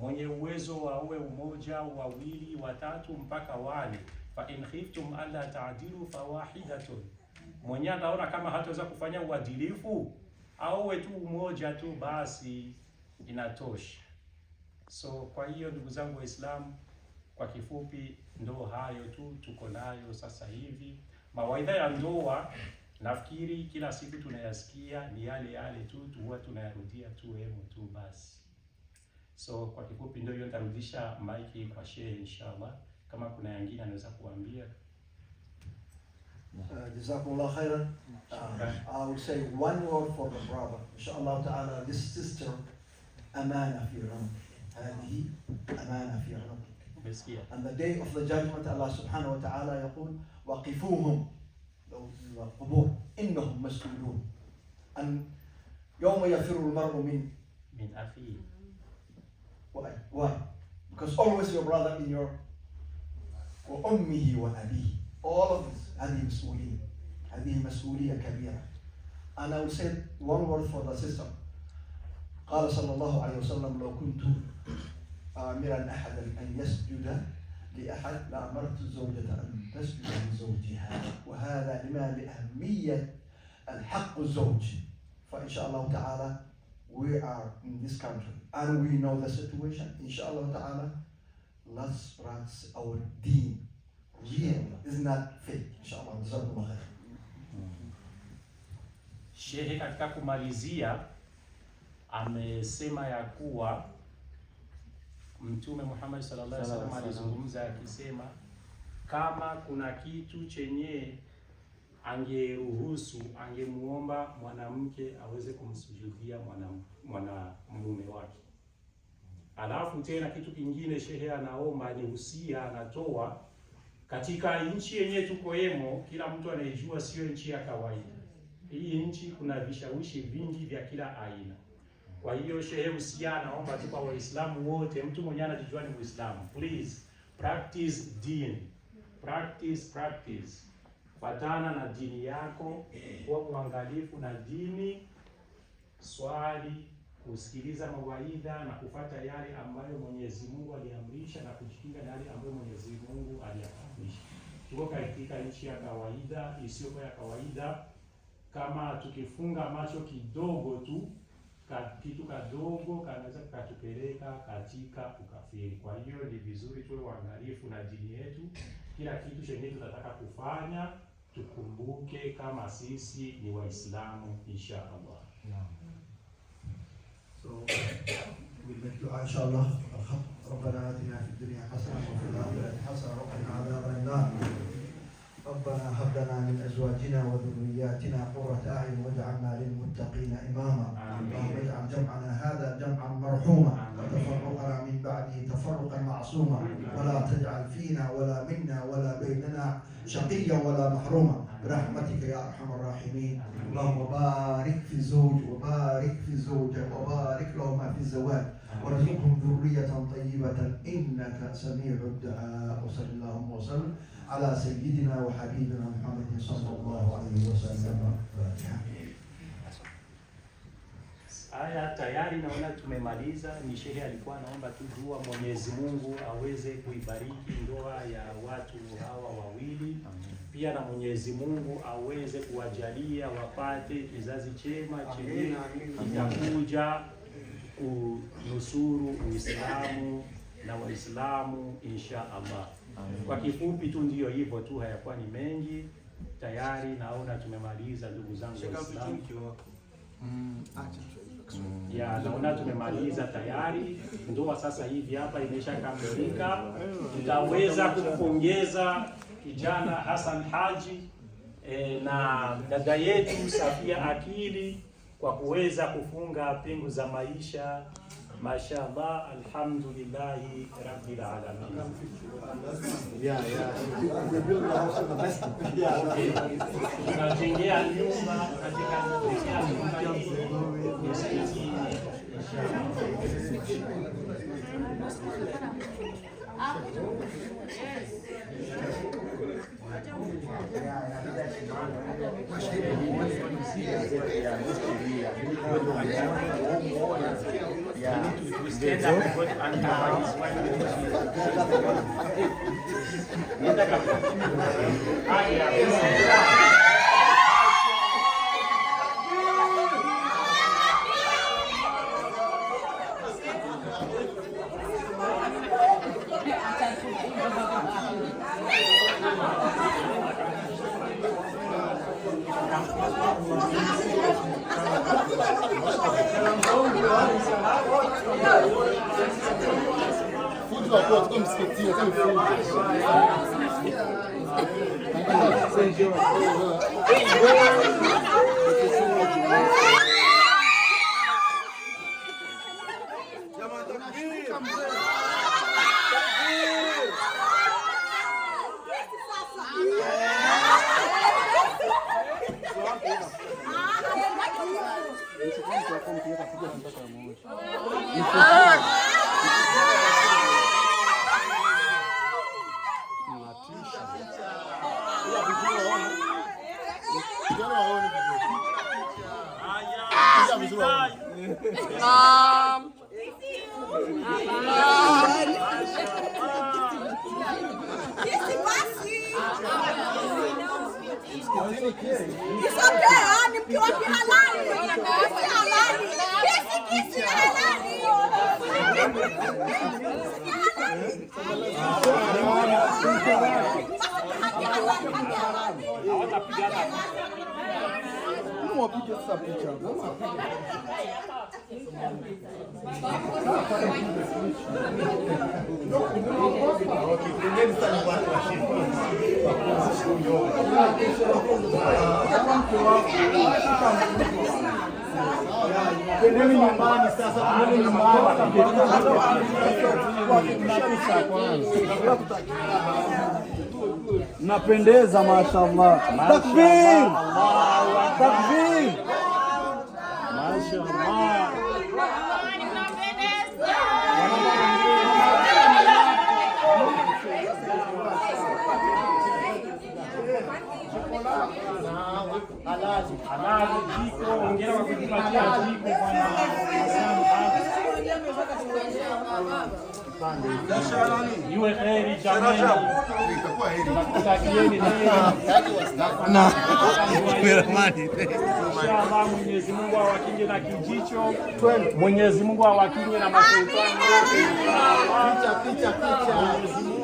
mwenye uwezo wawe umoja, wawili, watatu mpaka wale. Fa in khiftum alla ta'dilu fawahidatun, mwenye ataona kama hataweza kufanya uadilifu awe tu umoja tu, basi inatosha. So kwa hiyo ndugu zangu Waislamu, kwa kifupi ndo hayo tu tuko nayo sasa hivi. Mawaidha ya ndoa nafikiri kila siku tunayasikia, ni yale yale tu, tuwa tunayarudia tu hemu tu basi. So kwa kifupi ndio hiyo, nitarudisha maiki kwa shehe inshallah, kama kuna yangine anaweza kuambia. jazakumullah khairan. I will say one word for the brother. Inshallah ta'ala this sister amana fi عنق. Amana fi في عنقك. And the day of the judgment Allah subhanahu wa ta'ala yaqul يقول وقفوهم innahum masulun. مسؤولون. yawma يوم al-mar'u min min أخيه Why? Why? Because always your brother in your all of this مسؤولية كبيرة and I will say one word for the sister قال صلى الله عليه وسلم لو كنت آمرا أحدا أن يسجد لأحد لأمرت الزوجة أن تسجد لزوجها وهذا لما لأهمية الحق الزوج فإن شاء الله تعالى are in this country, and we know the situation. Inshallah ta'ala, let's practice our deen. Real is not fake. Inshallah. Jazakumullah khair. Shehe katika kumalizia amesema ya kuwa Mtume Muhammad sallallahu alaihi wasallam alizungumza akisema, kama kuna kitu chenye angeruhusu, angemuomba mwanamke aweze kumsujudia mwanamume mwana wake. Alafu tena kitu kingine shehe anaomba ni usia, anatoa katika nchi yenye yemo, kila mtu anejua sio nchi ya kawaida hii nchi. Kuna vishawishi vingi vya kila aina. Kwa hiyo shehe usia anaomba tu kwa Waislamu wote, mtu mwenye anajijua ni Muislamu, please practice deen, practice practice Patana na dini yako, kuwa mwangalifu na dini, swali, kusikiliza mawaidha na kufata yale ambayo Mwenyezi Mungu aliamrisha na kujikinga na yale ambayo Mwenyezi Mungu aliamrisha. Tuko katika nchi ya kawaida isiyokuwa ya kawaida. Kama tukifunga macho kidogo tu, kitu kadogo kanaweza kukatupeleka katika ukafiri. Kwa hiyo ni vizuri tuwe waangalifu na dini yetu, kila kitu chenye tutataka kufanya tukumbuke kama sisi ni Waislamu insha Allah. Naam. So ربنا آتنا في الدنيا حسنة وفي الآخرة حسنة وقنا عذاب النار ربنا هب لنا من ازواجنا وذرياتنا قرة اعين واجعلنا للمتقين اماما اللهم اجعل جمعنا هذا جمعا مرحوما وتفرقنا من بعده تفرقا معصوما ولا تجعل فينا ولا منا ولا بيننا شقية ولا محرومة برحمتك يا أرحم الراحمين اللهم بارك في الزوج وبارك في الزوجة وبارك لهما في الزواج وارزقهم ذرية طيبة إنك سميع الدعاء وصل اللهم وسلم على سيدنا وحبيبنا محمد صلى الله عليه وسلم Haya tayari naona tumemaliza. ni shehe alikuwa anaomba tu dua, Mwenyezi Mungu aweze kuibariki ndoa ya watu hawa wawili, pia na Mwenyezi Mungu aweze kuwajalia wapate kizazi chema chenye kitakuja kunusuru Uislamu na Waislamu insha Allah. Kwa kifupi tu ndiyo hivyo tu, hayakuwa ni mengi. Tayari naona tumemaliza, ndugu zangu Waislamu. Mm. Mm. ya naona tumemaliza tayari. Ndoa sasa hivi hapa imeshakamilika. Tutaweza kumpongeza kijana Hassan Haji e, na dada yetu Safia Akili kwa kuweza kufunga pingu za maisha ما شاء الله الحمد لله رب العالمين نعم. يا يا Yeah. You need to, Thank you. Unajua kuwa Thank you. Mom. It's okay, ah, ni mkiwa kihalali. Kesi halali. Kesi kesi halali. Kesi halali. Não uma pique essa pique, ó. Dá uma pique. Primeiro está no quarto da China. Perdeu nyumbani sasa, perdeu nyumbani. Kwa kikisha ni chakwanza. Kwa kutakia. Napendeza mashallah. Takbir. Takbir. Mashallah. You Mwenyezi Mungu awakinge na kijicho, Mwenyezi Mungu awakinge na Mwenyezi